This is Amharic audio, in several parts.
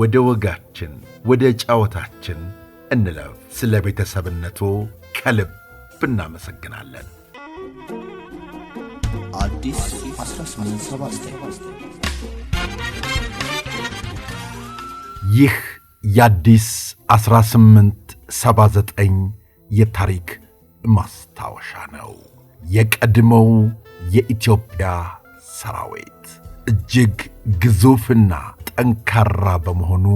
ወደ ወጋችን ወደ ጫወታችን እንለፍ። ስለ ቤተሰብነቱ ከልብ እናመሰግናለን። ይህ የአዲስ 1879 የታሪክ ማስታወሻ ነው። የቀድሞው የኢትዮጵያ ሰራዊት እጅግ ግዙፍና ጠንካራ በመሆኑ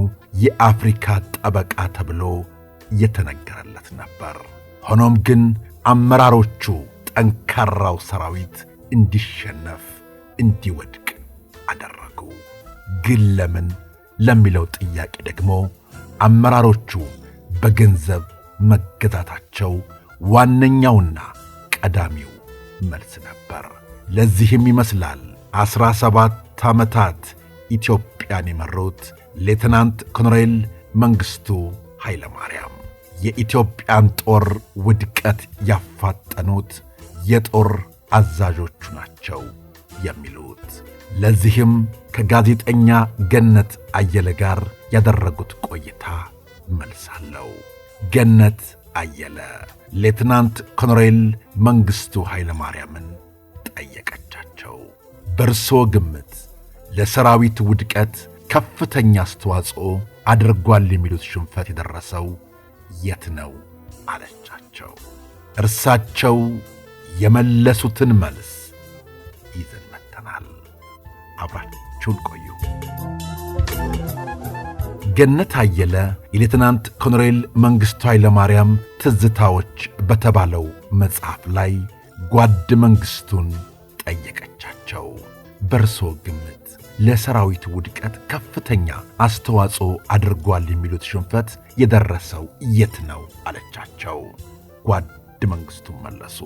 የአፍሪካ ጠበቃ ተብሎ እየተነገረለት ነበር። ሆኖም ግን አመራሮቹ ጠንካራው ሰራዊት እንዲሸነፍ እንዲወድቅ አደረጉ። ግን ለምን ለሚለው ጥያቄ ደግሞ አመራሮቹ በገንዘብ መገዛታቸው ዋነኛውና ቀዳሚው መልስ ነበር። ለዚህም ይመስላል ዐሥራ ሰባት ዓመታት ኢትዮጵያን የመሩት ሌተናንት ኮሎኔል መንግሥቱ ኃይለማርያም የኢትዮጵያን ጦር ውድቀት ያፋጠኑት የጦር አዛዦቹ ናቸው የሚሉት ለዚህም ከጋዜጠኛ ገነት አየለ ጋር ያደረጉት ቆይታ መልስ አለው። ገነት አየለ ሌትናንት ኮሎኔል መንግሥቱ ኃይለማርያምን ጠየቀቻቸው። በርሶ ግምት ለሰራዊት ውድቀት ከፍተኛ አስተዋጽኦ አድርጓል የሚሉት ሽንፈት የደረሰው የት ነው አለቻቸው። እርሳቸው የመለሱትን መልስ ይዘን መጥተናል። አብራችሁን ቆዩ። ገነት አየለ የሌትናንት ኮሎኔል መንግሥቱ ኃይለማርያም ትዝታዎች በተባለው መጽሐፍ ላይ ጓድ መንግሥቱን ጠየቀቻቸው። በርሶ ግምት ለሰራዊት ውድቀት ከፍተኛ አስተዋጽኦ አድርጓል የሚሉት ሽንፈት የደረሰው የት ነው አለቻቸው። ጓድ መንግሥቱም መለሱ።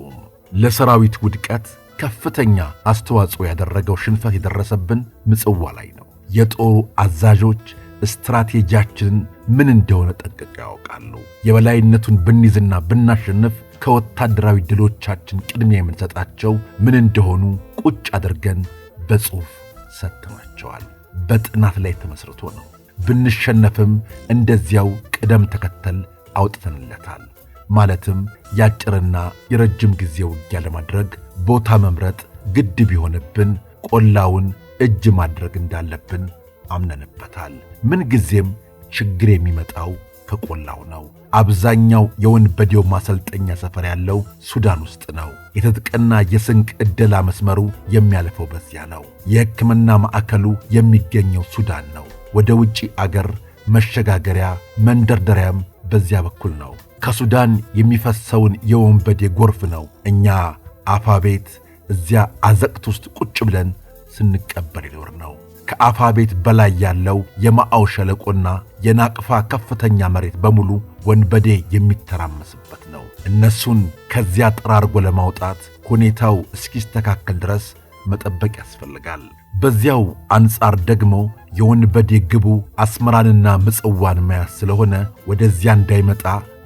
ለሰራዊት ውድቀት ከፍተኛ አስተዋጽኦ ያደረገው ሽንፈት የደረሰብን ምጽዋ ላይ ነው። የጦሩ አዛዦች ስትራቴጂያችንን ምን እንደሆነ ጠንቅቀው ያውቃሉ። የበላይነቱን ብንይዝና ብናሸንፍ ከወታደራዊ ድሎቻችን ቅድሚያ የምንሰጣቸው ምን እንደሆኑ ቁጭ አድርገን በጽሑፍ ሰጥተዋቸዋል። በጥናት ላይ ተመስርቶ ነው። ብንሸነፍም እንደዚያው ቅደም ተከተል አውጥተንለታል። ማለትም የአጭርና የረጅም ጊዜ ውጊያ ለማድረግ ቦታ መምረጥ ግድ ቢሆንብን ቆላውን እጅ ማድረግ እንዳለብን አምነንበታል። ምንጊዜም ችግር የሚመጣው ተቆላው ነው። አብዛኛው የወንበዴው ማሰልጠኛ ሰፈር ያለው ሱዳን ውስጥ ነው። የትጥቅና የስንቅ ዕደላ መስመሩ የሚያልፈው በዚያ ነው። የሕክምና ማዕከሉ የሚገኘው ሱዳን ነው። ወደ ውጪ አገር መሸጋገሪያ መንደርደሪያም በዚያ በኩል ነው። ከሱዳን የሚፈሰውን የወንበዴ ጎርፍ ነው እኛ አፋ ቤት እዚያ አዘቅት ውስጥ ቁጭ ብለን ስንቀበል ይኖር ነው። ከአፋ ቤት በላይ ያለው የማአው ሸለቆና የናቅፋ ከፍተኛ መሬት በሙሉ ወንበዴ የሚተራመስበት ነው። እነሱን ከዚያ ጠራርጎ ለማውጣት ሁኔታው እስኪስተካከል ድረስ መጠበቅ ያስፈልጋል። በዚያው አንጻር ደግሞ የወንበዴ ግቡ አስመራንና ምጽዋን መያዝ ስለሆነ ወደዚያ እንዳይመጣ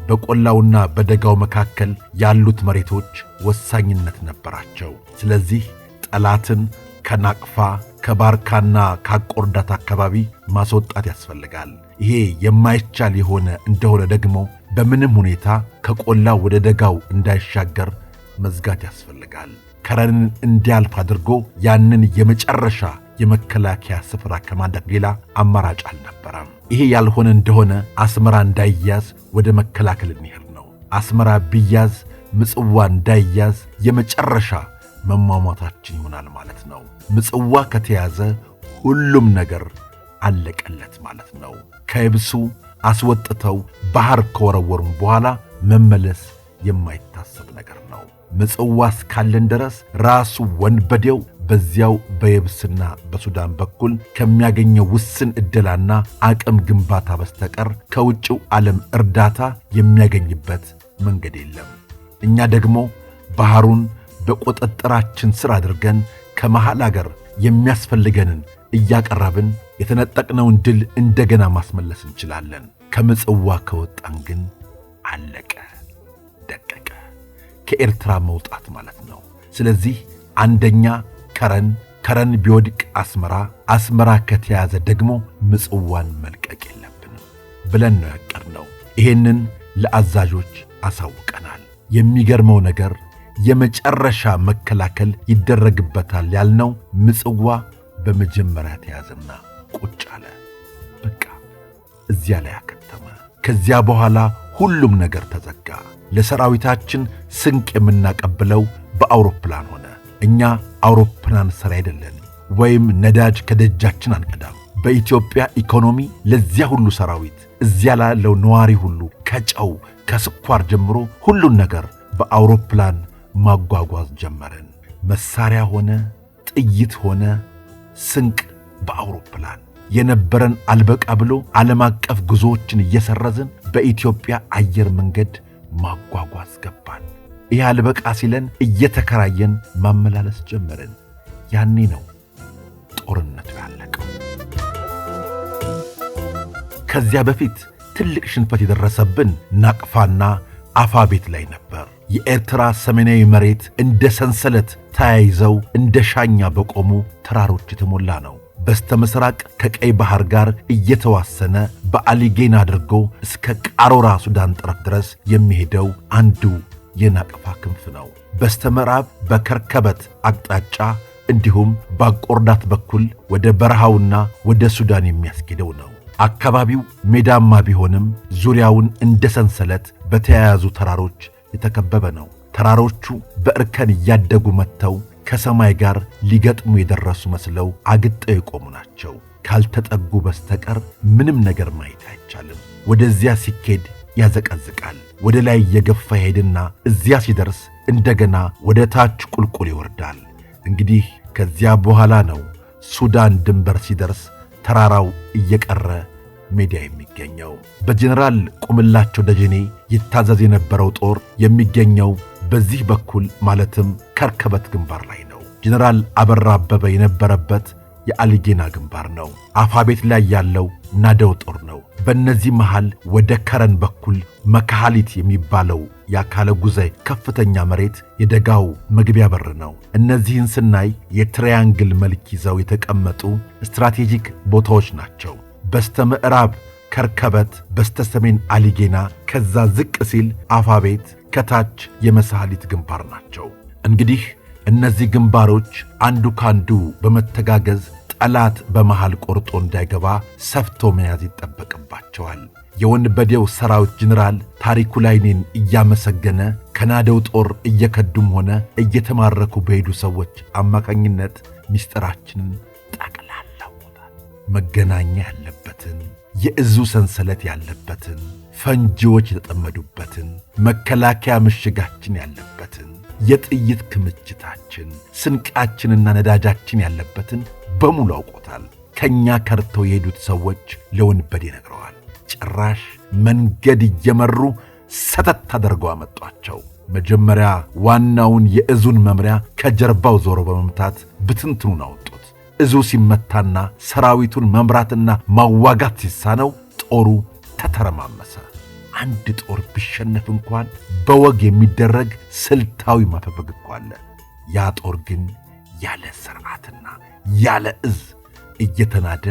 በቆላውና በደጋው መካከል ያሉት መሬቶች ወሳኝነት ነበራቸው። ስለዚህ ጠላትን ከናቅፋ ከባርካና ካቆርዳት አካባቢ ማስወጣት ያስፈልጋል። ይሄ የማይቻል የሆነ እንደሆነ ደግሞ በምንም ሁኔታ ከቆላ ወደ ደጋው እንዳይሻገር መዝጋት ያስፈልጋል። ከረንን እንዲያልፍ አድርጎ ያንን የመጨረሻ የመከላከያ ስፍራ ከማድረግ ሌላ አማራጭ አልነበረም። ይሄ ያልሆነ እንደሆነ አስመራ እንዳይያዝ ወደ መከላከል እንሄድ ነው። አስመራ ቢያዝ ምጽዋ እንዳይያዝ የመጨረሻ መሟሟታችን ይሆናል ማለት ነው። ምጽዋ ከተያዘ ሁሉም ነገር አለቀለት ማለት ነው። ከየብሱ አስወጥተው ባህር ከወረወሩም በኋላ መመለስ የማይታሰብ ነገር ነው። ምጽዋ እስካለን ድረስ ራሱ ወንበዴው በዚያው በየብስና በሱዳን በኩል ከሚያገኘው ውስን ዕድላና አቅም ግንባታ በስተቀር ከውጭው ዓለም እርዳታ የሚያገኝበት መንገድ የለም። እኛ ደግሞ ባህሩን በቁጥጥራችን ሥር አድርገን ከመሃል አገር የሚያስፈልገንን እያቀረብን የተነጠቅነውን ድል እንደገና ማስመለስ እንችላለን። ከምጽዋ ከወጣን ግን አለቀ ደቀቀ፣ ከኤርትራ መውጣት ማለት ነው። ስለዚህ አንደኛ ከረን፣ ከረን ቢወድቅ አስመራ፣ አስመራ ከተያዘ ደግሞ ምጽዋን መልቀቅ የለብንም ብለን ነው ያቀድነው። ይሄንን ለአዛዦች አሳውቀናል። የሚገርመው ነገር የመጨረሻ መከላከል ይደረግበታል ያልነው ምጽዋ በመጀመሪያ ተያዘና ቁጭ አለ። በቃ እዚያ ላይ አከተመ። ከዚያ በኋላ ሁሉም ነገር ተዘጋ። ለሰራዊታችን ስንቅ የምናቀብለው በአውሮፕላን ሆነ። እኛ አውሮፕላን ሰሪ አይደለን፣ ወይም ነዳጅ ከደጃችን አንቀዳም። በኢትዮጵያ ኢኮኖሚ ለዚያ ሁሉ ሰራዊት እዚያ ላለው ነዋሪ ሁሉ ከጨው ከስኳር ጀምሮ ሁሉን ነገር በአውሮፕላን ማጓጓዝ ጀመርን። መሳሪያ ሆነ ጥይት ሆነ ስንቅ በአውሮፕላን የነበረን አልበቃ ብሎ ዓለም አቀፍ ጉዞዎችን እየሰረዝን በኢትዮጵያ አየር መንገድ ማጓጓዝ ገባን። ይህ አልበቃ ሲለን እየተከራየን ማመላለስ ጀመርን። ያኔ ነው ጦርነቱ ያለቀው። ከዚያ በፊት ትልቅ ሽንፈት የደረሰብን ናቅፋና አፋ ቤት ላይ ነበር። የኤርትራ ሰሜናዊ መሬት እንደ ሰንሰለት ተያይዘው እንደ ሻኛ በቆሙ ተራሮች የተሞላ ነው። በስተ ምሥራቅ ከቀይ ባህር ጋር እየተዋሰነ በአሊጌን አድርጎ እስከ ቃሮራ ሱዳን ጠረፍ ድረስ የሚሄደው አንዱ የናቅፋ ክንፍ ነው። በስተ ምዕራብ በከርከበት አቅጣጫ እንዲሁም በአቆርዳት በኩል ወደ በረሃውና ወደ ሱዳን የሚያስኬደው ነው። አካባቢው ሜዳማ ቢሆንም ዙሪያውን እንደ ሰንሰለት በተያያዙ ተራሮች የተከበበ ነው። ተራሮቹ በእርከን እያደጉ መጥተው ከሰማይ ጋር ሊገጥሙ የደረሱ መስለው አግጠው የቆሙ ናቸው። ካልተጠጉ በስተቀር ምንም ነገር ማየት አይቻልም። ወደዚያ ሲኬድ ያዘቀዝቃል። ወደ ላይ እየገፋ ይሄድና እዚያ ሲደርስ እንደገና ወደ ታች ቁልቁል ይወርዳል። እንግዲህ ከዚያ በኋላ ነው ሱዳን ድንበር ሲደርስ ተራራው እየቀረ ሚዲያ የሚገኘው። በጀኔራል ቁምላቸው ደጀኔ ይታዘዝ የነበረው ጦር የሚገኘው በዚህ በኩል ማለትም ከርከበት ግንባር ላይ ነው። ጀኔራል አበራ አበበ የነበረበት የአሊጌና ግንባር ነው። አፋቤት ላይ ያለው ናደው ጦር ነው። በእነዚህ መሃል ወደ ከረን በኩል መካሃሊት የሚባለው የአካለ ጉዛይ ከፍተኛ መሬት የደጋው መግቢያ በር ነው። እነዚህን ስናይ የትሪያንግል መልክ ይዘው የተቀመጡ ስትራቴጂክ ቦታዎች ናቸው። በስተ ምዕራብ ከርከበት፣ በስተ ሰሜን አሊጌና፣ ከዛ ዝቅ ሲል አፋቤት፣ ከታች የመሳህሊት ግንባር ናቸው። እንግዲህ እነዚህ ግንባሮች አንዱ ካንዱ በመተጋገዝ ጠላት በመሃል ቆርጦ እንዳይገባ ሰፍቶ መያዝ ይጠበቅባቸዋል። የወንበዴው ሰራዊት ጀኔራል ታሪኩ ላይኔን እያመሰገነ ከናደው ጦር እየከዱም ሆነ እየተማረኩ በሄዱ ሰዎች አማካኝነት ምስጢራችንን መገናኛ ያለበትን የእዙ ሰንሰለት ያለበትን ፈንጂዎች የተጠመዱበትን መከላከያ ምሽጋችን ያለበትን የጥይት ክምችታችን ስንቃችንና ነዳጃችን ያለበትን በሙሉ አውቆታል። ከእኛ ከርተው የሄዱት ሰዎች ለወንበዴ ነግረዋል። ጭራሽ መንገድ እየመሩ ሰተት አደርገው አመጧቸው። መጀመሪያ ዋናውን የእዙን መምሪያ ከጀርባው ዞሮ በመምታት ብትንትኑን አወጡ። እዙ ሲመታና ሰራዊቱን መምራትና ማዋጋት ሲሳነው ጦሩ ተተረማመሰ። አንድ ጦር ቢሸነፍ እንኳን በወግ የሚደረግ ስልታዊ ማፈግፈግ እኮ አለ። ያ ጦር ግን ያለ ስርዓትና ያለ እዝ እየተናደ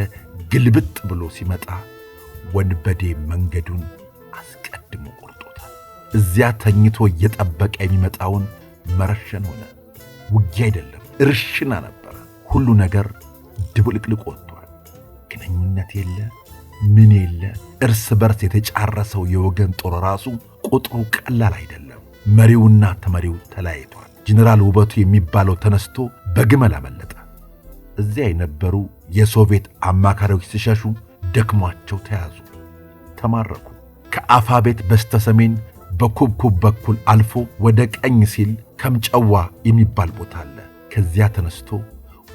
ግልብጥ ብሎ ሲመጣ ወንበዴ መንገዱን አስቀድሞ ቆርጦታል። እዚያ ተኝቶ እየጠበቀ የሚመጣውን መረሸን ሆነ። ውጊ አይደለም እርሽና ነበር። ሁሉ ነገር ድብልቅልቅ ወጥቷል። ግንኙነት የለ ምን የለ። እርስ በርስ የተጫረሰው የወገን ጦር ራሱ ቁጥሩ ቀላል አይደለም። መሪውና ተመሪው ተለያይቷል። ጄኔራል ውበቱ የሚባለው ተነስቶ በግመል አመለጠ። እዚያ የነበሩ የሶቪየት አማካሪዎች ሲሸሹ ደክሟቸው ተያዙ፣ ተማረኩ። ከአፋ ቤት በስተ ሰሜን በኩብኩብ በኩል አልፎ ወደ ቀኝ ሲል ከምጨዋ የሚባል ቦታ አለ። ከዚያ ተነስቶ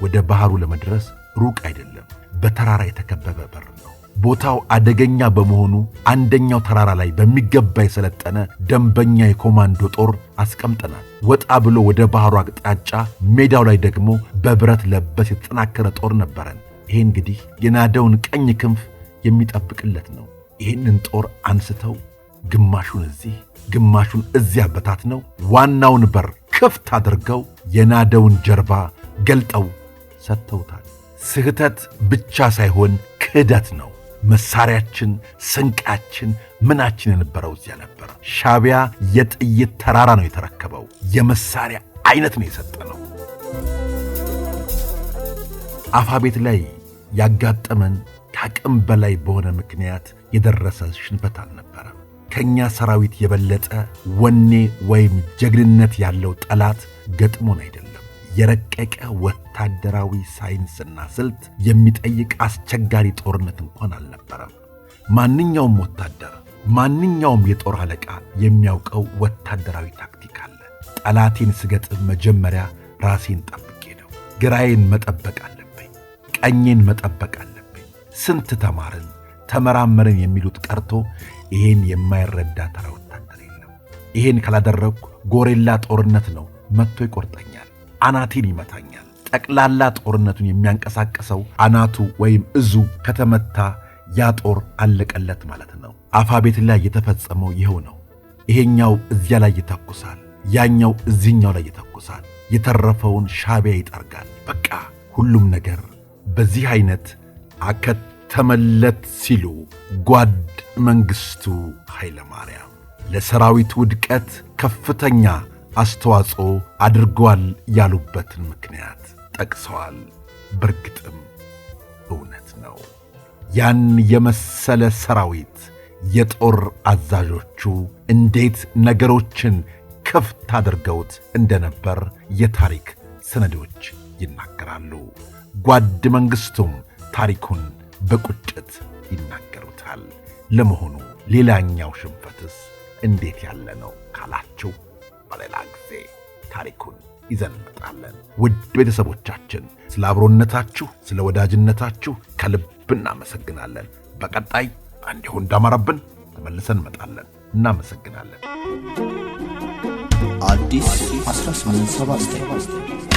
ወደ ባህሩ ለመድረስ ሩቅ አይደለም። በተራራ የተከበበ በር ነው። ቦታው አደገኛ በመሆኑ አንደኛው ተራራ ላይ በሚገባ የሰለጠነ ደንበኛ የኮማንዶ ጦር አስቀምጠናል። ወጣ ብሎ ወደ ባህሩ አቅጣጫ ሜዳው ላይ ደግሞ በብረት ለበስ የተጠናከረ ጦር ነበረን። ይሄ እንግዲህ የናደውን ቀኝ ክንፍ የሚጠብቅለት ነው። ይህንን ጦር አንስተው ግማሹን እዚህ ግማሹን እዚያ በታት ነው ዋናውን በር ክፍት አድርገው የናደውን ጀርባ ገልጠው ሰጥተውታል። ስህተት ብቻ ሳይሆን ክህደት ነው። መሳሪያችን፣ ስንቃችን፣ ምናችን የነበረው እዚያ ነበር። ሻቢያ የጥይት ተራራ ነው የተረከበው። የመሳሪያ አይነት ነው የሰጠ ነው። አፋቤት ላይ ያጋጠመን ከአቅም በላይ በሆነ ምክንያት የደረሰ ሽንፈት አልነበረም። ከእኛ ሰራዊት የበለጠ ወኔ ወይም ጀግንነት ያለው ጠላት ገጥሞን አይደለም። የረቀቀ ወታደራዊ ሳይንስና ስልት የሚጠይቅ አስቸጋሪ ጦርነት እንኳን አልነበረም። ማንኛውም ወታደር፣ ማንኛውም የጦር አለቃ የሚያውቀው ወታደራዊ ታክቲክ አለ። ጠላቴን ስገጥም መጀመሪያ ራሴን ጠብቄ ነው። ግራዬን መጠበቅ አለብኝ፣ ቀኜን መጠበቅ አለብኝ። ስንት ተማርን ተመራመርን የሚሉት ቀርቶ ይሄን የማይረዳ ተራ ወታደር የለም። ይሄን ካላደረግኩ ጎሬላ ጦርነት ነው መጥቶ ይቆርጠኛል አናቴን ይመታኛል። ጠቅላላ ጦርነቱን የሚያንቀሳቀሰው አናቱ ወይም እዙ ከተመታ ያ ጦር አለቀለት ማለት ነው። አፋ ቤት ላይ የተፈጸመው ይኸው ነው። ይሄኛው እዚያ ላይ ይተኩሳል፣ ያኛው እዚህኛው ላይ ይተኩሳል፣ የተረፈውን ሻቢያ ይጠርጋል። በቃ ሁሉም ነገር በዚህ አይነት አከተመለት ሲሉ ጓድ መንግሥቱ ኃይለማርያም ለሰራዊቱ ውድቀት ከፍተኛ አስተዋጽኦ አድርጓል ያሉበትን ምክንያት ጠቅሰዋል። በእርግጥም እውነት ነው። ያን የመሰለ ሰራዊት የጦር አዛዦቹ እንዴት ነገሮችን ክፍት አድርገውት እንደነበር የታሪክ ሰነዶች ይናገራሉ። ጓድ መንግሥቱም ታሪኩን በቁጭት ይናገሩታል። ለመሆኑ ሌላኛው ሽንፈትስ እንዴት ያለ ነው ካላችሁ በሌላ ጊዜ ታሪኩን ይዘን እንመጣለን። ውድ ቤተሰቦቻችን ስለ አብሮነታችሁ፣ ስለ ወዳጅነታችሁ ከልብ እናመሰግናለን። በቀጣይ እንዲሁ እንዳማረብን ተመልሰን እንመጣለን። እናመሰግናለን። አዲስ 1879